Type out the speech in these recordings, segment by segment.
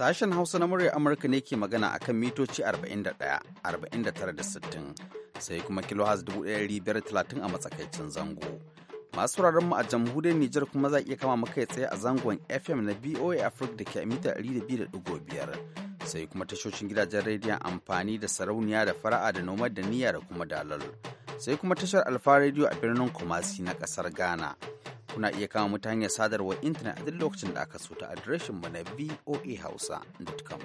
Sashen Hausa na muryar Amurka ne ke magana a kan mitoci 41, 49 sai kuma kilohaz 1530 a matsakaicin zango. Masu mu a jamhuriyar Nijar kuma za iya kama makai tsaye a zangon FM na BOA Africa da ke a mita 200.5 sai kuma tashoshin gidajen rediyon amfani da sarauniya da fara'a da noma da niyya da kuma dalal. Sai kuma tashar Alfa Radio a birnin Kumasi na kasar Ghana. kuna iya kama mu ta hanyar sadarwar intanet a duk lokacin da aka so ta adireshin mu na voahausa.com.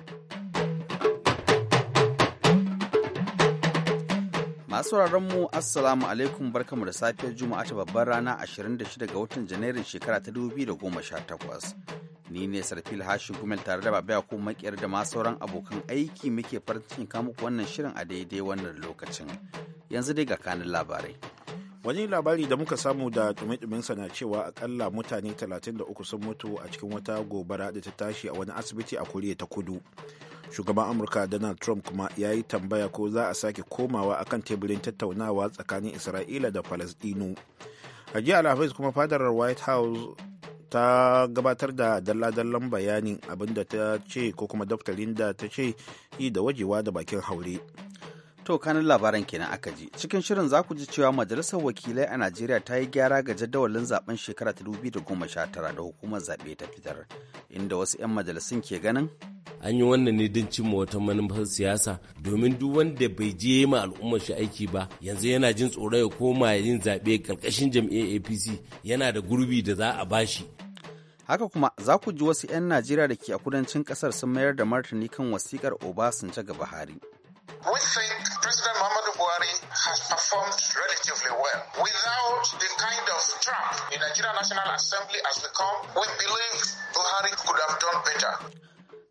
Masu mu Assalamu alaikum barkamu da safiyar Juma'a ta babbar rana 26 ga watan Janairun shekara ta 2018. Ni ne Sarfil hashi Gumel tare da Babaya ko makiyar da ma sauran abokan aiki muke farin cikin kamuku wannan shirin a daidai wannan lokacin. Yanzu dai ga kanin labarai. wani labari da muka samu da dumi na cewa akalla mutane 33 sun mutu a cikin wata gobara da ta tashi a wani asibiti a koriya ta kudu shugaban amurka donald trump kuma ya yi tambaya ko za a sake komawa a kan teburin tattaunawa tsakanin isra'ila da falasdino a jiya alhamis kuma fadarar white house ta gabatar da dalla-dallan bayanin abinda ta ce ko kuma daftarin da ta ce yi da wajewa da bakin haure To kanin labaran kenan aka ji. Cikin shirin za ji cewa majalisar wakilai a Najeriya ta yi gyara ga jadawalin zaben shekara ta 2019 da hukumar zaɓe ta fitar, inda wasu 'yan majalisun ke ganin an yi wannan ne don cimma wata manufar siyasa domin duk wanda bai je ma al'ummar shi aiki ba yanzu yana jin tsoro ya koma yin zaɓe karkashin jam'iyyar apc yana da gurbi da za a bashi haka kuma za ku ji wasu 'yan najeriya da ke a kudancin ƙasar sun mayar da martani kan wasikar obasanjo ga buhari We think President Muhammadu Buhari has performed relatively well. Without the kind of trap the Nigerian National Assembly has become, we believe Buhari could have done better.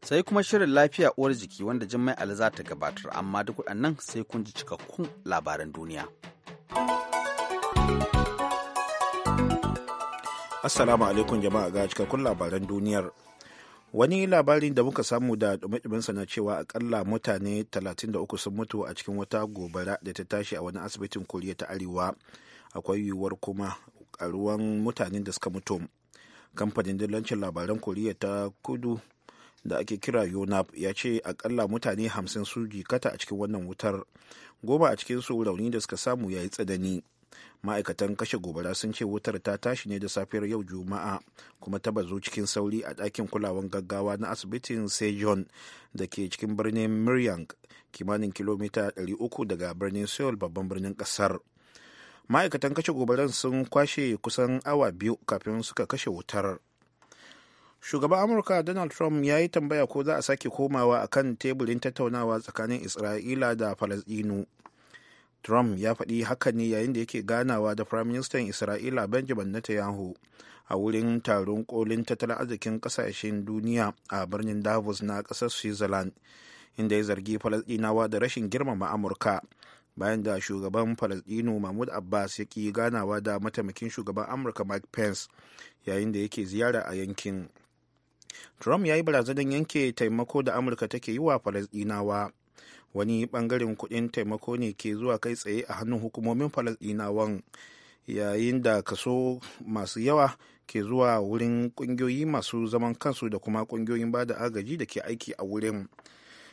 Sai kuma shirin lafiya uwar jiki wanda jimmai Ali za ta gabatar, amma duk waɗannan sai kun ji cikakkun labaran duniya. Assalamu alaikum jama'a ga cikakkun labaran duniyar. wani labarin da muka samu da dumi-duminsa na cewa akalla mutane 33 sun mutu a cikin wata gobara da ta tashi a wani asibitin koriya ta arewa akwai yiwuwar kuma karuwan mutanen da suka mutu kamfanin dillancin labaran koriya ta kudu da ake kira yonap ya ce akalla mutane 50 su jikata a cikin wannan wutar goma a cikin su rauni da suka samu ya yi tsadani. ma'aikatan kashe gobara sun ce wutar ta tashi ne da safiyar yau juma'a kuma ta bazu cikin sauri a ɗakin kulawan gaggawa na asibitin sejon da ke cikin birnin miryang kimanin kilomita 300 daga birnin seoul babban birnin ƙasar ma'aikatan kashe gobaran sun kwashe kusan awa biyu kafin suka kashe wutar shugaban amurka donald trump ya yi tambaya ko za a sake komawa akan teburin tattaunawa tsakanin isra'ila da falasɗinu Trump ya faɗi haka ne yayin da yake ganawa da Firaministan Isra'ila Benjamin Netanyahu a wurin taron kolin tattalin arzikin ƙasashen duniya a birnin Davos na ƙasar Switzerland, inda ya zargi Falasɗinawa da rashin girmama Amurka. Bayan da shugaban Falasɗinu Mahmud Abbas ya ƙi ganawa da mataimakin shugaban Amurka Mike Pence yayin da yake ziyara a yankin. Trump ya yi barazanar yanke taimako da Amurka take yi wa Falasɗinawa. wani bangaren kudin taimako ne ke zuwa kai tsaye a hannun hukumomin falasɗinawan yayin da kaso masu yawa ke zuwa wurin ƙungiyoyi masu zaman kansu da kuma ƙungiyoyin ba da agaji da ke aiki a wurin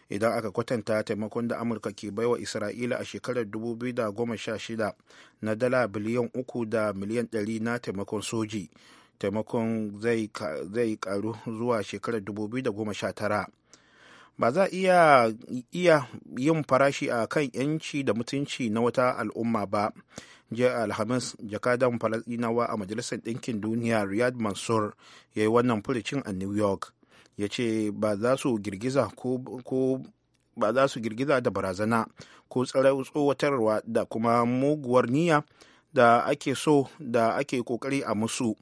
idan aka kwatanta taimakon da amurka ke baiwa isra'ila a shekarar 2016 na dala biliyan 3 da miliyan 100 na taimakon soji taimakon zai karu zuwa shekarar 2019 ba za a iya yin farashi a kan yanci da mutunci na wata al'umma ba jiya alhamis jakadan falasdinawa a majalisar ɗinkin duniya riyad mansur ya yi wannan furicin a new york ya ce ba za su girgiza da barazana ko tsowatarwa da kuma muguwar niyya da ake so da ake kokari a musu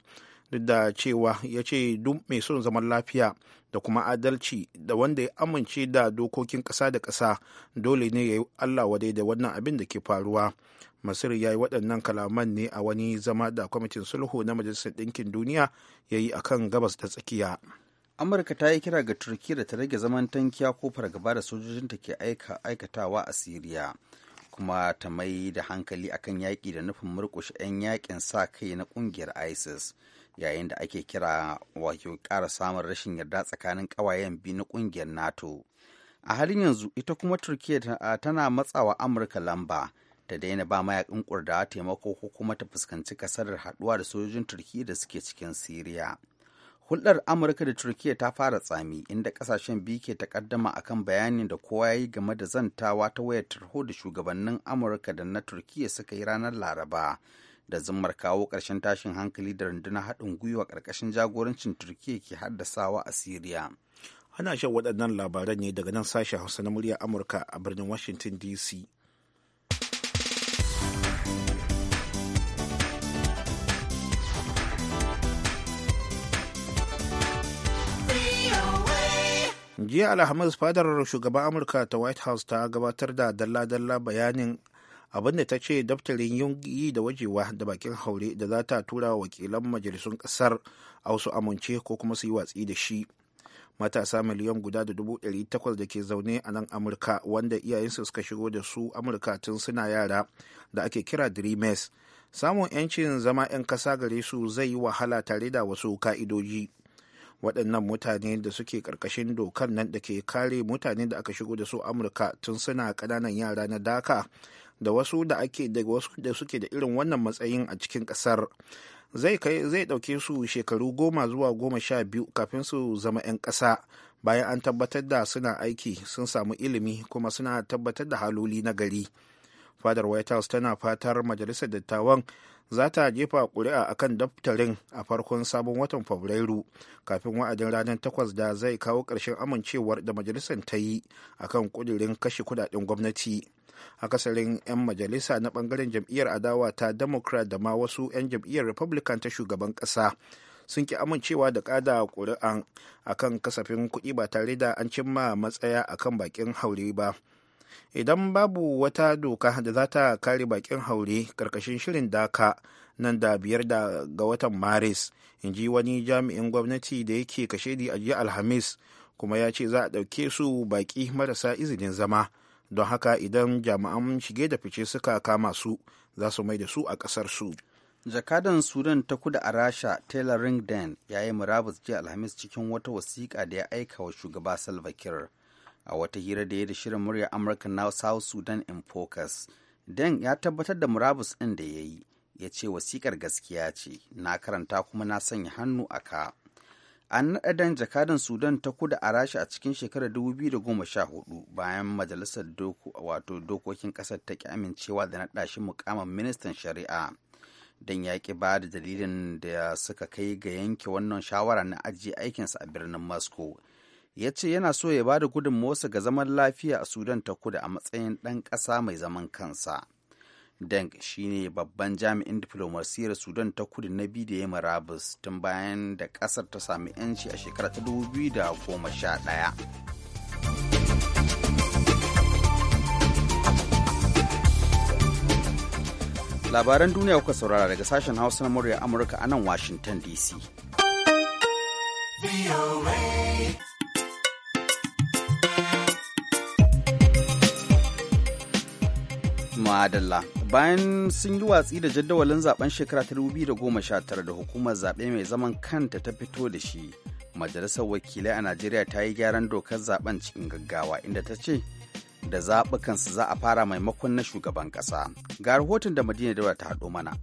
duk da cewa ya ce duk mai son zaman lafiya da kuma adalci da wanda ya amince da dokokin ƙasa da ƙasa dole ne ya yi allah wadai da wannan abin da ke faruwa masir ya yi waɗannan kalaman ne a wani zama da kwamitin sulhu na majalisar ɗinkin duniya ya yi a kan gabas da tsakiya amurka ta yi kira ga turkiyya da ta rage zaman tankiya ko fargaba da sojojinta ke aikatawa a siriya kuma ta mai da hankali akan yaƙi da nufin murƙushe 'yan yaƙin sa kai na ƙungiyar isis yayin da ake kira wato ƙara samun rashin yarda tsakanin ƙawayen biyu na ƙungiyar nato a halin yanzu ita kuma turkiya tana matsawa amurka lamba ta daina ba mayakan kurda taimako ko kuma ta fuskanci kasarar haɗuwa da sojojin turkiya da suke cikin siriya hulɗar amurka da turkiya ta fara tsami inda ƙasashen biyu ke takaddama akan bayanin da kowa ya yi game da zantawa ta wayar tarho da shugabannin amurka da na turkiya suka yi ranar laraba da zimmar kawo ƙarshen tashin hankali da rundunar haɗin gwiwa ƙarƙashin jagorancin turkiya ke haddasawa a siriya ana shan waɗannan labaran ne daga nan sashen hausa na muryar amurka a birnin washington dc jiya alhamis fadar shugaban amurka ta white house ta gabatar da dalla-dalla bayanin abinda ta ce daftarin yi da wajewa da bakin haure da za ta tura wakilan majalisun kasar a wasu amince ko kuma su yi watsi da shi matasa miliyan guda da dubu ɗari takwas da ke zaune a nan amurka wanda iyayensu suka shigo da su amurka tun suna yara da ake kira dreamers samun 'yancin zama 'yan kasa gare su zai yi wahala tare da wasu ka'idoji waɗannan mutane da suke ƙarƙashin dokan nan da ke kare mutane da aka shigo da su amurka tun suna ƙananan yara na daka da wasu da ake da wasu da suke da irin wannan matsayin a cikin ƙasar zai zai ɗauke su shekaru goma zuwa goma sha biyu kafin su zama 'yan ƙasa bayan an tabbatar da suna aiki sun samu ilimi kuma suna tabbatar da haloli na gari fadar white house tana fatar majalisar dattawan za ta jefa ƙuri'a akan daftarin a farkon sabon watan fabrairu kafin wa'adin ranar takwas da zai kawo ƙarshen amincewar da majalisar ta yi akan ƙudirin kashe kudaden gwamnati akasarin 'yan majalisa na bangaren jam'iyyar adawa ta democrat da ma wasu 'yan jam'iyyar republican ta shugaban ƙasa sun ki amincewa da ƙada ƙuri'an kan kasafin kuɗi ba tare da an cimma matsaya akan bakin haure ba idan babu wata doka da za ta kare bakin haure karkashin shirin daka nan da biyar da ga watan maris in ji wani jami'in gwamnati da yake kashedi a jiya alhamis kuma ya ce za a ɗauke su baƙi marasa izinin zama don haka idan jami'an shige da fice suka kama su za su mai da su a ƙasar su jakadan sudan ta kudu a rasha taylor ringden ya yi murabus jiya alhamis cikin wata wasiƙa da ya aika wa shugaba salva kiir a wata hira da ya da shirin murya amurka na south sudan in focus den ya tabbatar da murabus ɗin da ya yi ya ce wasiƙar gaskiya ce na karanta kuma na sanya hannu a ka an naɗa dan jakadan sudan ta kuda a rasha a cikin shekarar 2014 bayan majalisar wato dokokin ƙasar ta ƙi amincewa da naɗa shi mukamin ministan shari'a don ya ƙi ba da dalilin da suka kai ga yanke wannan shawara na ajiye aikinsa a birnin moscow ya ce yana so ya ba da gudunmawarsa ga zaman lafiya a sudan ta kuda a matsayin ɗan ƙasa mai zaman kansa. deng ne babban jami'in diflomasiyyar sudan ta kudu na biyu da ya marabus tun bayan da kasar ta sami 'yanci a shekarar 2011 labaran duniya kuka saurara daga sashen hausa na murya amurka a nan washington dc Madalla. Bayan sun yi watsi da jadawalin zaben shekara ta 2019 da hukumar zaɓe mai zaman kanta ta fito da shi, Majalisar Wakilai a Najeriya ta yi gyaran dokar zaben cikin gaggawa inda ta ce da zaɓukansu za a fara maimakon na shugaban ƙasa. Ga rahoton da Madina dawa ta haɗo mana.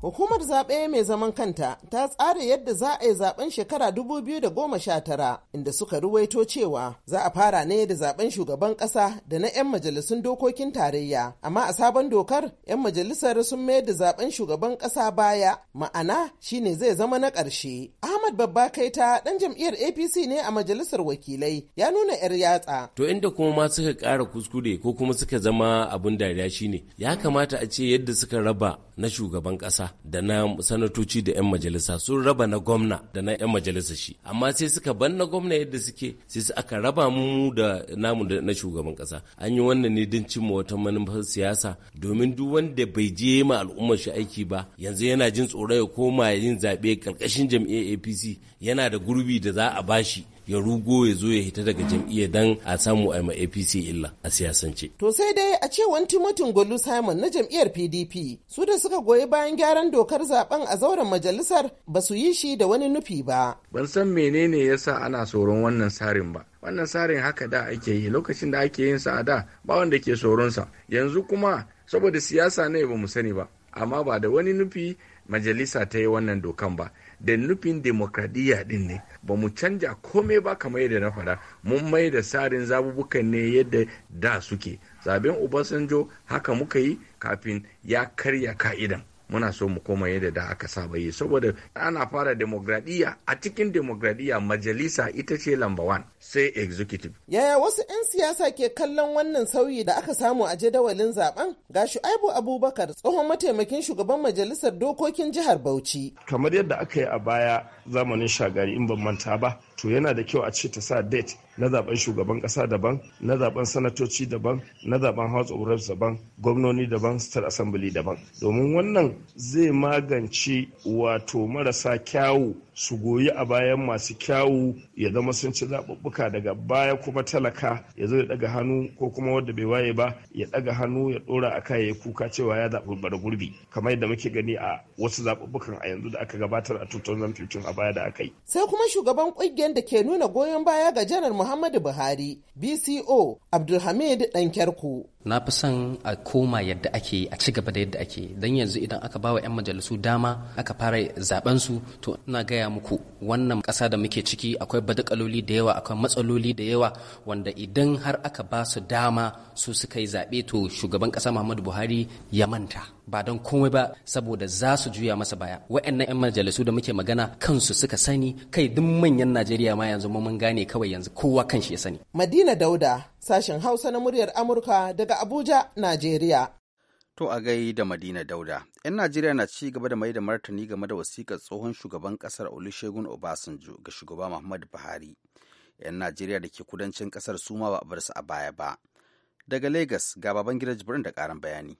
Hukumar zaɓe mai zaman kanta ta tsara yadda za a yi zaben shekara 2019 inda suka ruwaito cewa za a fara ne da zaben shugaban ƙasa da na 'yan majalisun dokokin tarayya. Amma a sabon dokar 'yan majalisar sun mayar da zaben shugaban ƙasa baya ma'ana shine zai zama na ƙarshe. Ahmad Babba Kaita ɗan jam'iyyar APC ne a majalisar wakilai ya nuna 'yar yatsa. To inda kuma ma suka ƙara kuskure ko kuma suka zama abun dariya shine ya kamata a ce yadda suka raba na shugaban ƙasa da na sanatoci da 'yan majalisa sun raba na gwamna da na 'yan majalisa shi amma sai suka ban na gwamna yadda suke sai su aka raba mu da namu da na shugaban kasa an yi wannan ne don cimma wata manufar siyasa domin duk wanda bai je ma al'ummar shi aiki ba yanzu yana jin tsoro ya koma yin zaɓe ƙarƙashin jam'iyyar apc yana da gurbi da za a bashi ya rugo ya zo ya hita daga jam'iyya dan a samu a APC illa a siyasance. To sai dai a cewan Timotin Golu Simon na jam'iyyar PDP su da suka goyi bayan gyaran dokar zaben a zauren majalisar ba su yi shi da wani nufi ba. Ban san menene yasa ana tsoron wannan sarin ba. Wannan sarin haka da ake yi lokacin da ake yin sa a da ba wanda ke sa Yanzu kuma saboda siyasa ne ba mu sani ba. Amma ba da wani nufi majalisa ta yi wannan dokan ba. da nufin demokradiyya din ne ba mu canja komai ba kamar yadda na faɗa mun mai da tsarin zabubukan ne yadda da suke zaben ubasanjo haka muka yi kafin ya karya ka'idan muna so mu koma yadda da aka saba yi saboda ana fara demokradiyya a cikin demokradiyya majalisa ita ce lamba one sai executive yaya wasu 'yan siyasa ke kallon wannan sauyi da aka samu a jadawalin zaben ga shu'aibu abubakar tsohon mataimakin shugaban majalisar dokokin jihar bauchi kamar yadda aka yi a baya zamanin shagari in ban manta ba to yana da kyau a ce ta sa date na zaben shugaban kasa daban na zaben sanatoci daban na zaben house of reps daban gwamnoni daban Star assembly daban domin wannan zai magance wato marasa kyawu su goyi a bayan masu kyawu ya zama sun ci zaɓuɓɓuka daga baya kuma talaka ya zo ya ɗaga hannu ko kuma wanda bai waye ba ya ɗaga hannu ya ɗora a kai ya kuka cewa ya zaɓi bara gurbi kamar yadda muke gani a wasu zaɓuɓɓukan a yanzu da aka gabatar a 2015 a baya da aka yi. Sai kuma shugaban ƙungiyar da ke nuna goyon baya ga janar Muhammadu Buhari BCO Abdulhamid dankyarku. na fi son a koma yadda ake a ci gaba da yadda ake don yanzu idan aka bawa 'yan majalisu dama aka fara zaben su to ina gaya muku wannan ƙasa da muke ciki akwai badakaloli da yawa akwai matsaloli da yawa wanda idan har aka ba su dama su suka yi zaɓe to shugaban ƙasa muhammadu buhari ya manta ba don komai ba saboda za su juya masa baya wa'annan 'yan majalisu da muke magana kansu suka sani kai duk manyan najeriya ma yanzu mun gane kawai yanzu kowa kan shi ya sani madina dauda sashen hausa na muryar amurka daga abuja najeriya To a gai da Madina Dauda, 'yan Najeriya na ci gaba da mai da martani game da wasikar tsohon shugaban ƙasar Olusegun Obasanjo ga shugaba Muhammadu Buhari. 'Yan Najeriya da ke kudancin kasar suma ma ba a bar su a baya ba. Daga Lagos ga baban gida Jibrin da karan bayani.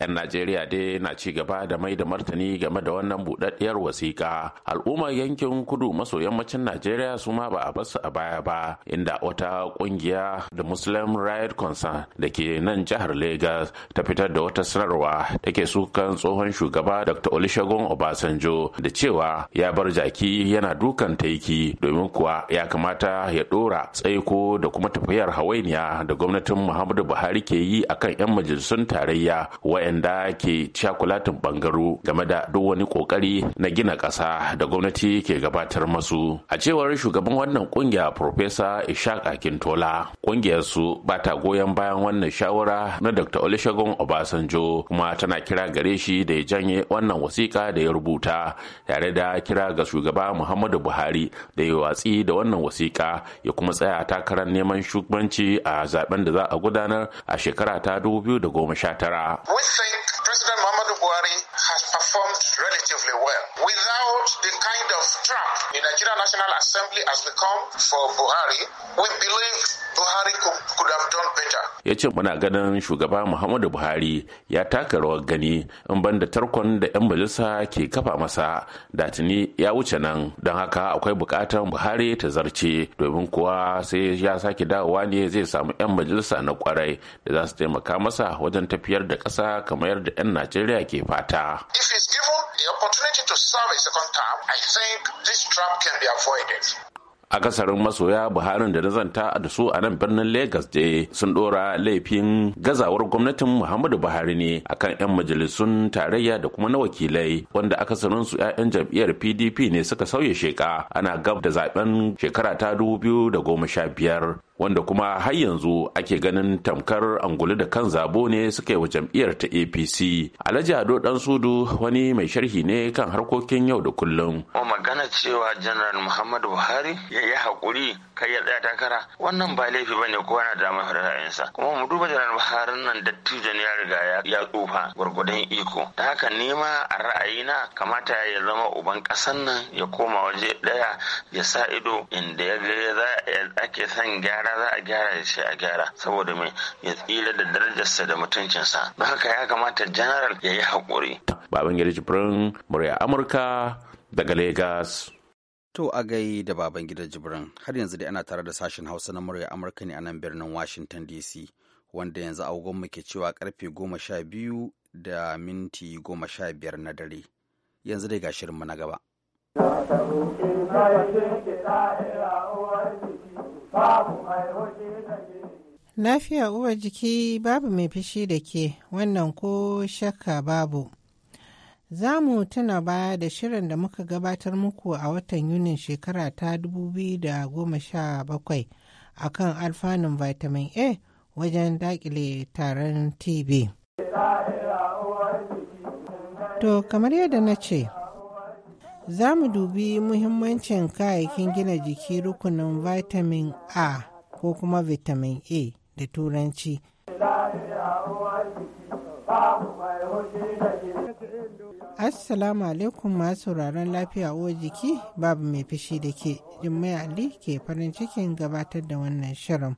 'yan najeriya dai na ci gaba da mai da martani game da wannan budaddiyar wasiƙa al'ummar yankin kudu maso yammacin najeriya su ma ba a basu a baya ba inda wata kungiya da muslim riot concern da ke nan jihar lagos ta fitar da wata sanarwa ke sukan tsohon shugaba dr olusegun obasanjo da cewa ya bar jaki yana dukan taiki domin kuwa ya kamata ya dora tsaiko da kuma tafiyar hawainiya da gwamnatin muhammadu buhari ke yi akan 'yan majalisun tarayya wa'anda ke cakulatin bangaro game da duk wani kokari na gina ƙasa da gwamnati ke gabatar masu a cewar shugaban wannan kungiya Profesa Ishaq Akintola kungiyar su ba ta goyon bayan wannan shawara na Dr. Olusegun Obasanjo kuma tana kira gare shi da ya janye wannan wasiƙa da ya rubuta tare da kira ga shugaba Muhammadu Buhari da ya watsi da wannan wasiƙa ya kuma tsaya takarar neman shugabanci a zaben da za a gudanar a shekara ta 2019 We think President Muhammadu Buhari has performed relatively well. Without the kind of trap the Nigerian National Assembly has become for Buhari, we believe buhari could have done better ya ce muna ganin shugaba muhammadu buhari ya taka rawar gani in ban da tarkon da 'yan majalisa ke kafa masa da tuni ya wuce nan don haka akwai bukatar buhari ta zarce domin kuwa sai ya sake dawowa ne zai samu 'yan majalisa na kwarai da za su taimaka masa wajen tafiyar da ƙasa kamar yadda 'yan najeriya ke fata if he's given the opportunity to serve a second term i think this trap can be avoided A akasarin masoya buharin da nazanta da su a nan birnin lagos da sun dora laifin gazawar gwamnatin muhammadu buhari ne akan 'yan majalisun tarayya da kuma na wakilai wanda akasarin su 'ya'yan jam'iyyar pdp ne suka sauya sheka ana gab da zaben shekara ta 2015 wanda kuma har yanzu ake ganin tamkar angulu da kan zabo ne suka yi wa jam'iyyar ta apc alhaji ado dan sudu wani mai sharhi ne kan harkokin yau da kullum o magana cewa janar muhammadu buhari ya yi haƙuri kai ya tsaya takara wannan ba laifi bane kowa na da mai ra'ayinsa kuma mu duba janar buhari nan da tijan ya riga ya tsufa gwargwadon iko Ta haka nema a ra'ayina kamata ya zama uban ƙasan nan ya koma waje ɗaya ya sa ido inda ya ga ake son gyara gyara za a gyara ya sai a gyara saboda mai ya tsira da darajarsa da mutuncinsa don haka ya kamata janaral ya yi haƙuri. baban gida jibrin murya amurka daga Legas. to a gai da baban gida jibrin har yanzu dai ana tare da sashen hausa na murya amurka ne a nan birnin washington dc wanda yanzu agogon ke cewa karfe goma sha biyu da minti goma sha biyar na dare yanzu dai ga shirinmu na gaba. Lafiya uwar jiki babu mai fishi da ke wannan ko shakka babu. Za mu tuna baya da shirin da muka gabatar muku a watan Yunin shekara ta 2017 a kan alfanun vitamin A wajen dakile taron TB. To, kamar yadda na ce, za mu dubi muhimmancin kayayyakin gina jiki rukunin vitamin a ko kuma vitamin a da turanci assalamu alaikum masu sauraron lafiya uwa jiki babu mai fishi da ke jimmai ali ke farin cikin gabatar da wannan shirin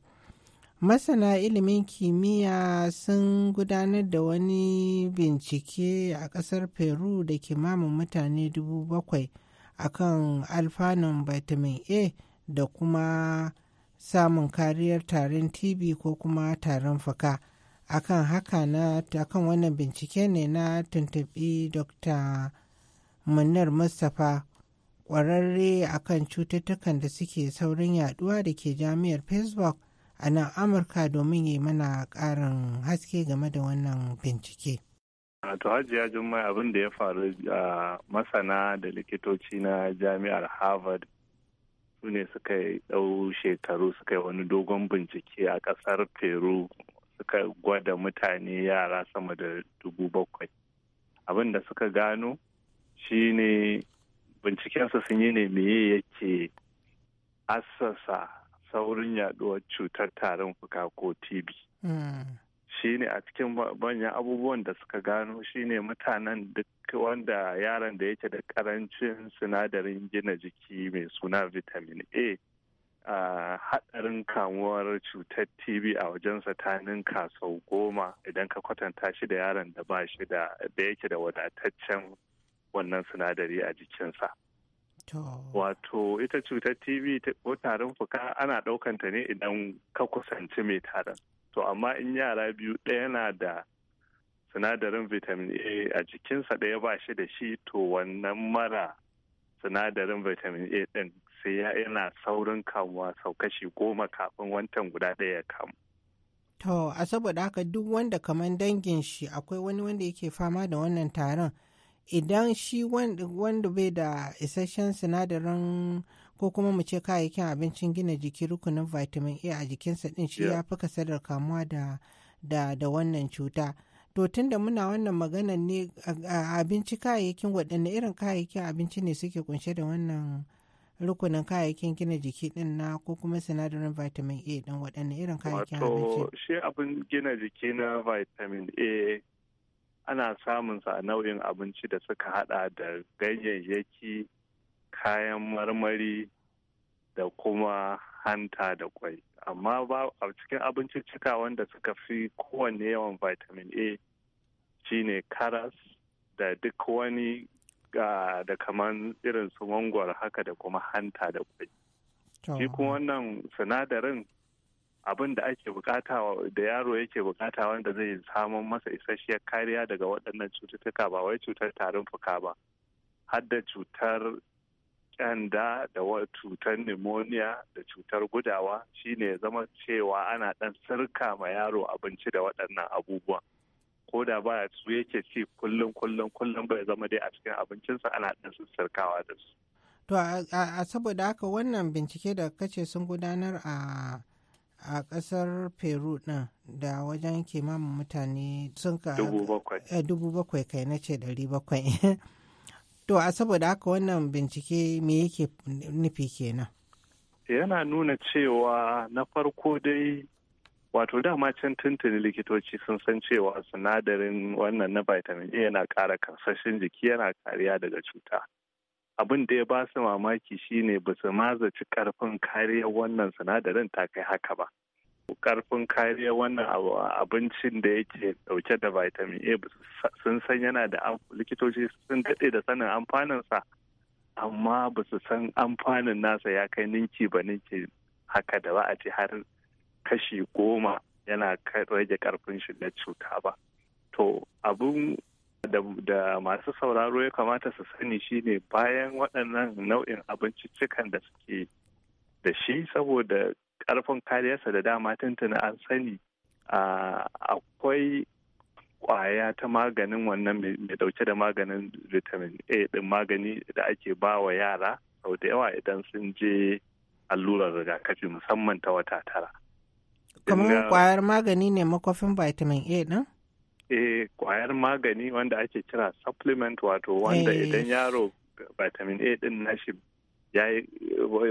masana ilimin kimiyya sun gudanar da wani bincike a ƙasar peru da kimamin mutane dubu bakwai akan alfanun vitamin a da kuma samun kariyar tarin TV ko kuma tarin fuka akan haka na akan wannan bincike ne na tuntubi dr munnar mustapha kwararre akan cututtukan da suke saurin yaduwa da ke jami'ar facebook a nan amurka domin yi mana ƙarin haske game da wannan bincike to hajiya jummai abin da ya faru a masana da likitoci na jami'ar harvard su ne suka ɗau shekaru suka yi wani dogon bincike a ƙasar peru suka gwada mutane yara sama da dubu bakwai abin da suka gano shi ne bincikensu sun yi ne meye yake assasa saurin yaduwar cutar tarin fuka ko TB. Hmm. shine a cikin manyan abubuwan da suka gano shine mutanen duk wanda yaron da yake da karancin sinadarin gina jiki mai suna vitamin A a hadarin kamuwar cutar TB a wajen ta ninka sau goma idan ka kwatanta shi da yaron da ba shi da yake da wadataccen wannan sinadari a jikinsa. Wato ita cutar TV ko tarin fuka ana ɗaukanta ne idan ka kusanci mai tarin. To amma in yara biyu ɗaya na da sinadarin vitamin A a jikinsa ɗaya ba shi da shi to wannan mara sinadarin vitamin A ɗin sai yana saurin kamuwa sau kashi goma kafin wantan guda ɗaya ya kamu. To, a saboda haka duk wanda kamar dangin shi akwai wani wanda yake fama da wannan taron idan shi wanda bai da isasshen sinadarin ko kuma mu ce kayayyakin abincin gina jiki rukunin vitamin a a jikinsa din shi ya fi kasar kamuwa da wannan cuta to tun da muna wannan magana ne abinci kayayyakin waɗanne irin kayayyakin abinci ne suke kunshe da wannan rukunin kayayyakin gina jiki din na ko kuma sinadarin vitamin a din waɗanne irin kayayyakin abinci wato shi abin gina jiki na vitamin a ana samun sa a nau'in abinci da suka hada da ganyayyaki kayan marmari da kuma hanta da kwai amma ba a cikin abinci cika wanda suka fi kowanne yawan vitamin a shine karas da duk wani da kaman irin su mangwar haka da kuma hanta da kwai shi kuma wannan sinadarin abin da ake bukata da yaro yake bukata wanda zai samun masa isasshiyar kariya daga waɗannan cututtuka ba wai cutar tarin fuka ba har da cutar kyanda da cutar pneumonia da cutar gudawa shine zama cewa ana ɗan sirka ma yaro abinci da waɗannan abubuwa, ko da ba su yake ci kullum kullum kullum bai zama dai a cikin abincinsa ana ɗan sirkawa da su. To a saboda haka wannan bincike da kace sun gudanar a a ƙasar peru ɗin da wajen kimanin mutane sun ka dubu bakwai eh, kai na ce ɗari bakwai to a saboda haka wannan bincike me yake nufi kenan yana nuna cewa na farko dai wato dama can tuntuni likitoci sun san cewa sinadarin wannan na vitamin a yana ƙara karsashin jiki yana kariya daga cuta abin da ya ba su mamaki shine ba su mazaci karfin kariyar wannan sinadarin ta kai haka ba karfin kariyar wannan abincin da yake dauke da vitamin a sun san yana da likitoci sun daɗe da sanin amfaninsa amma ba su san amfanin nasa ya kai ninki ba ninki haka da ba a ce har kashi goma yana rage karfin shi na cuta ba to abin da masu sauraro ya kamata su sani shine bayan waɗannan nau'in abinciccikan da suke da shi saboda ƙarfin kariyarsa da dama tuntuna an sani akwai kwaya ta maganin wannan mai dauke da maganin vitamin a din magani da ake ba wa yara sau da yawa idan sun je allurar rigakafi musamman ta wata tara. kamar kwayar magani ne makwafin vitamin a din? eh kwayar magani wanda ake kira supplement wato wanda eh. idan yaro vitamin A din nashi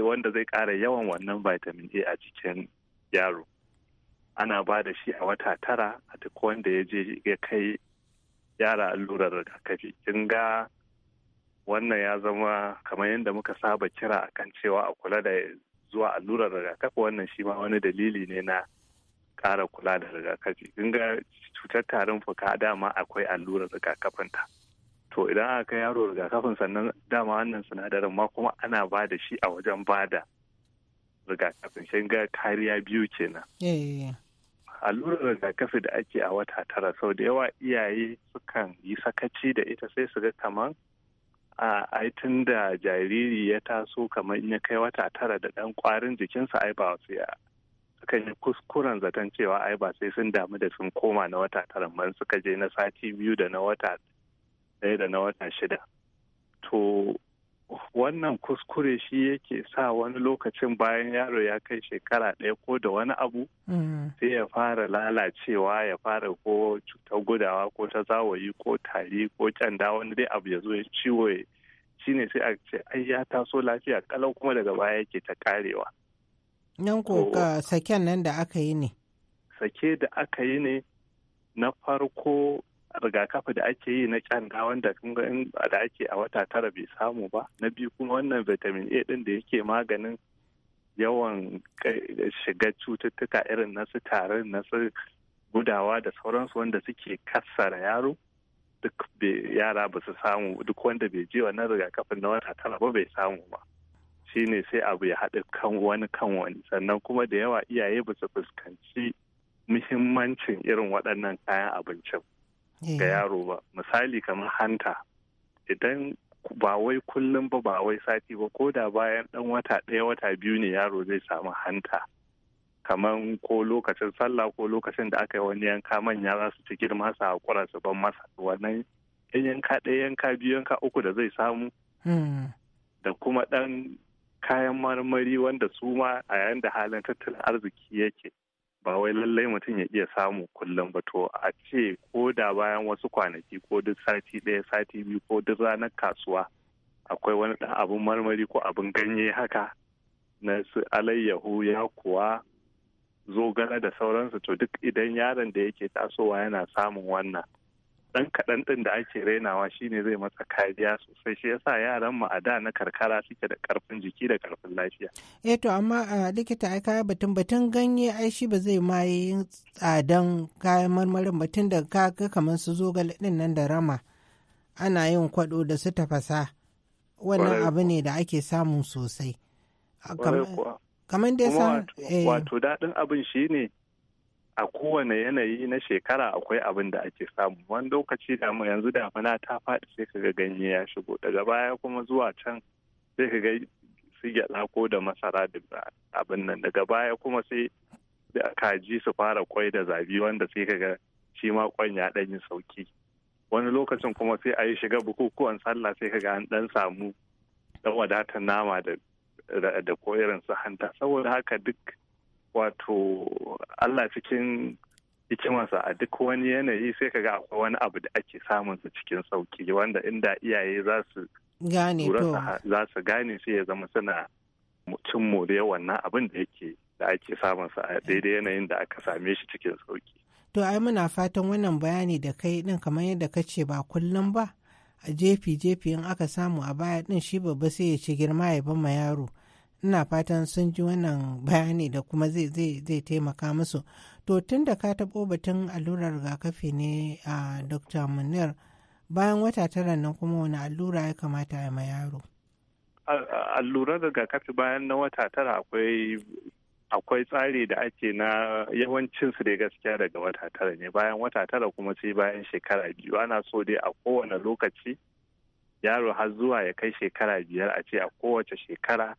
wanda zai kara yawan wannan vitamin A a cikin yaro ana ba da shi a wata tara a duk wanda ya je ya kai yara allurar rigakafi kin ga wannan ya zama kamar yadda muka saba kira a kan cewa a kula da zuwa allurar rigakafi wannan shi ma wani dalili ne na kara kula da rigakafi ga cutar tarin fuka dama akwai allurar rigakafinta to idan aka kai yaro rigakafin sannan dama wannan sinadarin ma kuma ana ba da shi a wajen ba da rigakafin shi ga kariya biyu kenan eh. allurar rigakafi da ake a wata tara sau da yawa iyaye sukan yi sakaci da ita sai su ga kamar a aitin da jariri ya taso kamar in ya kai wata tara da dan kwarin jikinsa ai ba ya suka yi kuskuren zaton cewa ai ba sai sun damu da sun koma na wata tara man suka je na sati biyu da na wata ɗaya da na wata shida to wannan kuskure shi yake sa wani lokacin bayan yaro ya kai shekara ɗaya ko da wani abu mm. sai ya fara lalacewa ya fara ko cutar gudawa ko ta zawayi ko tari ko canda wani dai abu ya zo ya ciwo shine sai a ce ai ya taso lafiya kalau kuma daga baya yake ta karewa Nan ko saken nan da aka yi ne? Sake da aka yi ne na farko rigakafi da ake yi na kyanda wanda da ake a wata tara bai samu ba na biyu kuma wannan vitamin a din da yake maganin yawan shiga cututtuka irin na su tarin na su gudawa da sauransu wanda suke kassara yaro duk yara ba su samu duk wanda bai je wannan rigakafin na wata tara ba bai samu ba shine sai abu ya haɗu kan wani kan wani sannan kuma da yawa iyaye ba su fuskanci muhimmancin irin waɗannan kayan abincin eh. ga yaro ba misali kamar hanta idan ba wai kullum ba ba wai sati ba ko da bayan ɗan wata ɗaya wata biyu ne yaro zai samu hanta kamar ko lokacin sallah ko lokacin da aka yi wani yanka manya za su ci girma su haƙura su ban masa wannan yan yanka ɗaya yanka biyu yanka uku da zai samu hmm. da kuma ɗan kayan marmari wanda su ma a yayin da halin tattalin arziki yake ba wai lallai mutum ya iya samu kullum ba to a ce ko da bayan wasu kwanaki ko duk sati ɗaya sati biyu ko duk ranar kasuwa akwai wani ɗan abin marmari ko abin ganye haka na su alayyahu ya kuwa zogale da sauransu to duk idan yaron da yake tasowa yana samun wannan dan kaɗan ɗin da ake rainawa shine zai masa kariya sosai shi yasa yaran mu a da na karkara suke da karfin jiki da karfin lafiya eh to amma a likita ai kaya batun batun ganye ai shi ba zai ma yi tsadan kayan marmarin batun da ka ga kamar su zogale ɗin nan da rama ana yin kwado da su tafasa wannan abu ne da ake samu sosai kamar da ya wato daɗin abin shi ne a kowane yanayi na shekara akwai abin da ake samu wani lokaci da yanzu muna ta faɗi sai kaga ganye ya shigo daga baya kuma zuwa can sai kaga su gyaɗa ko da masara da abin nan daga baya kuma sai kaji su fara kwai da zabi wanda sai kaga shi ma kwan ya ɗan yi sauki wani lokacin kuma sai a yi shiga bukukuwan sallah sai kaga an ɗan samu ɗan wadatar nama da da su hanta saboda haka duk wato Allah cikin hikimarsa a duk wani yanayi sai kaga akwai wani abu da ake samun su cikin sauki wanda inda iyaye za su gane za su gane sai ya zama suna cin moriyar wannan abin da yake da ake samun sa a daidai yanayin da aka same shi cikin sauki to ai muna fatan wannan bayani da kai din kamar yadda ka ce ba kullum ba a jefi jefi in aka samu a baya din shi babba sai ya ci girma ya bama yaro ina fatan sun ji wannan bayani da kuma zai taimaka musu to tun da ka taɓo batun allurar rigakafi ne a dr munir bayan wata tara nan kuma wani allura ya kamata ya ma yaro allurar rigakafi bayan na wata tara akwai akwai tsari da ake na yawancin su dai gaskiya daga wata tara ne bayan wata tara kuma sai bayan shekara biyu ana so dai a kowane lokaci yaro har zuwa ya kai shekara biyar a ce a kowace shekara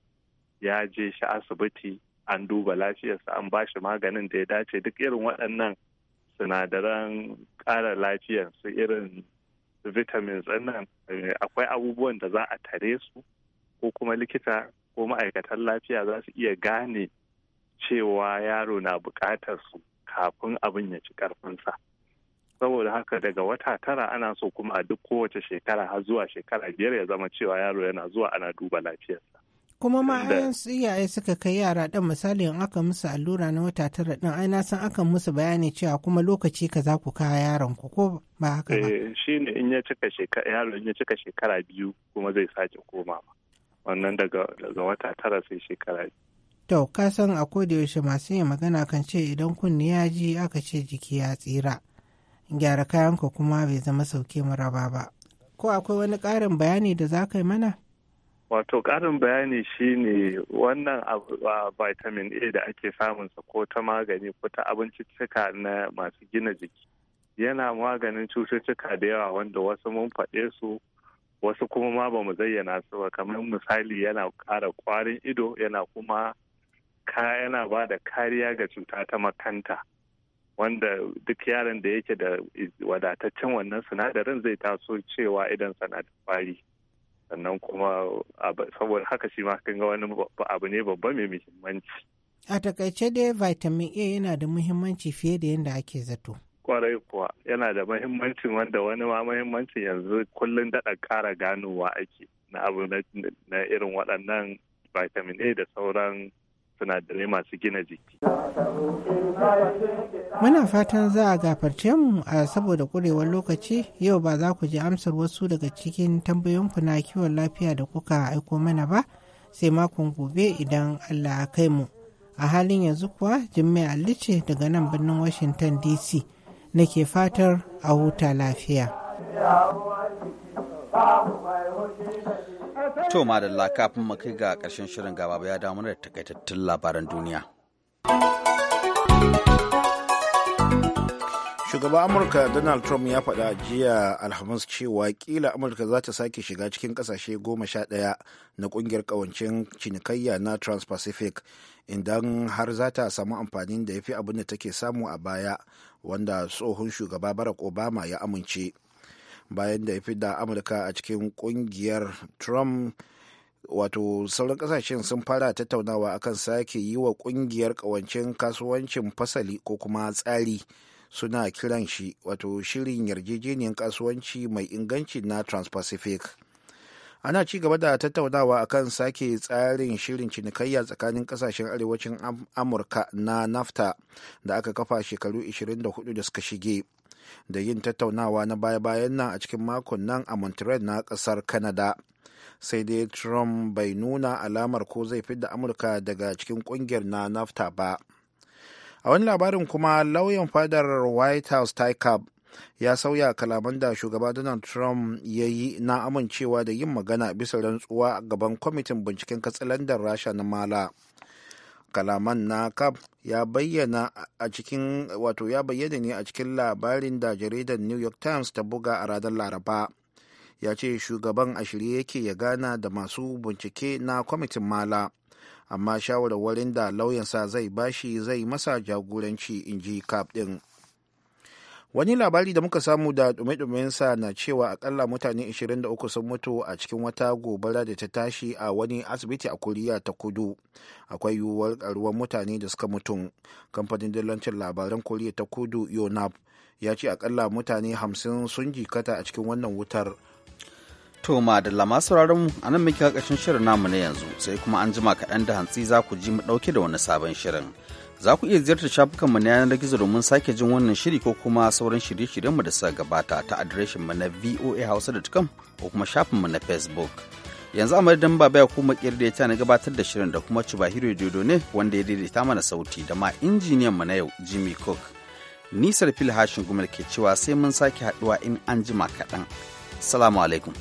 ya je shi asibiti an duba lafiyarsa an ba shi maganin da ya dace duk irin waɗannan sinadaran ƙara lafiyar irin vitamins nan eh, akwai abubuwan da za a tare su ko kuma likita ko ma'aikatan lafiya za su iya gane cewa yaro na buƙatar su kafin abin ya ci ƙarfinsa saboda haka daga wata tara ana so kuma a duk kowace shekara har zuwa shekara biyar ya zama cewa yaro yana zuwa ana duba lafiyarsa kuma ma iyaye suka kai yara ɗan misali in aka musu allura na wata tara ɗin ai na san akan musu bayani cewa kuma lokaci ka za ku kawo yaron ku ko ba haka ba eh, shi ne in ya cika shekara yaro ya cika shekara biyu kuma zai sake koma wannan daga daga wata tara sai shekara to ka san a da yaushe masu yin magana kan ce idan kunni ya ji aka ce jiki ya tsira gyara kayan kayanka kuma bai zama sauke maraba ba ko akwai wani ƙarin bayani da za ka yi mana Wato ƙarin bayani shine wannan vitamin A da ake samunsa ko ta magani ko ta abinciccika na masu gina jiki. Yana maganin cututtuka da yawa wanda wasu mun faɗe su wasu kuma ma ba mu zayyana su ba kamar misali yana ƙara ƙwarin ido yana kuma ka yana ba da kariya ga cuta ta makanta wanda duk yaron da yake da wadataccen wannan sinadarin zai taso cewa idan sana da kwari. sannan kuma saboda haka shi ma kan ga wani abu ne babba mai muhimmanci a takaice dai vitamin a yana da muhimmanci fiye da yadda ake zato kwarai kuwa yana da muhimmanci wanda wani ma muhimmanci yanzu kullum daɗa ƙara ganowa ake na abu na irin waɗannan vitamin A da sauran sinadarai masu gina jiki. Muna fatan za a gafarce mu a saboda kurewar lokaci yau ba za ku ji amsar wasu daga cikin tambayoyinku na kiwon lafiya da kuka aiko mana ba sai makon gobe idan Allah ya kai mu. A halin yanzu kuwa Jummai Alice daga nan birnin Washington DC nake fatar a huta lafiya. To madalla kafin mu kai ga karshen shirin gaba ya damu da takaitattun labaran duniya. Shugaban Amurka Donald Trump ya faɗa jiya Alhamis cewa kila Amurka za ta sake shiga cikin ƙasashe goma sha ɗaya na ƙungiyar ƙawancin cinikayya na Trans-Pacific idan har za ta samu amfani da ya fi abin da take samu a baya wanda tsohon shugaba Barack Obama ya amince. bayan da ya da amurka a cikin kungiyar trump wato sauran kasashen sun fara tattaunawa akan sake yi wa kungiyar kawancin kasuwancin fasali ko kuma tsari suna kiran shi wato shirin yarjejeniyar kasuwanci mai inganci na transpacific ana ci gaba da tattaunawa akan sake tsarin shirin cinikayya tsakanin kasashen arewacin amurka na nafta da aka kafa shekaru 24 da suka shige da yin tattaunawa na baya-bayan nan a cikin makon nan a montreal na ƙasar canada sai dai trump bai nuna alamar ko zai fi da amurka daga cikin ƙungiyar na nafta ba a wani labarin kuma lauyan fadar white house tycab ya sauya kalaman da shugaba donald trump ya yi na amincewa da yin magana bisa rantsuwa gaban kwamitin binciken katsalandar rasha na mala kalaman na cap ya bayyana a cikin wato ya bayyana ne a cikin labarin da jaridar new york times ta buga a ranar laraba ya ce shugaban a shirye yake ya gana da masu bincike na kwamitin mala amma shawarwarin da lauyansa zai bashi zai masa jagoranci in ji cap din wani labari da muka samu da sa na cewa akalla mutane 23 sun mutu a cikin wata gobara da ta tashi a wani asibiti a koriya ta kudu akwai yiwuwar karuwar mutane da suka mutu kamfanin dillancin labaran koriya ta kudu yonap ya ce akalla mutane 50 sun jikata a cikin wannan wutar To da masu mu a nan muke ƙarshen shirin namu na yanzu sai kuma an jima kaɗan da hantsi za ku ji mu ɗauke da wani sabon shirin. Za ku iya ziyartar shafukanmu na yanar gizo domin sake jin wannan shiri ko kuma sauran shirye-shiryenmu da suka gabata ta mu na voahausa.com ko kuma shafinmu na Facebook. Yanzu a madadin baba ya kuma da ya na gabatar da shirin da kuma Chubahiro Dodo ne wanda ya daidaita mana sauti da ma injiniyan mu na yau Jimmy Cook. Nisar fil hashin gumar ke cewa sai mun sake haduwa in an jima kaɗan. Salamu alaikum.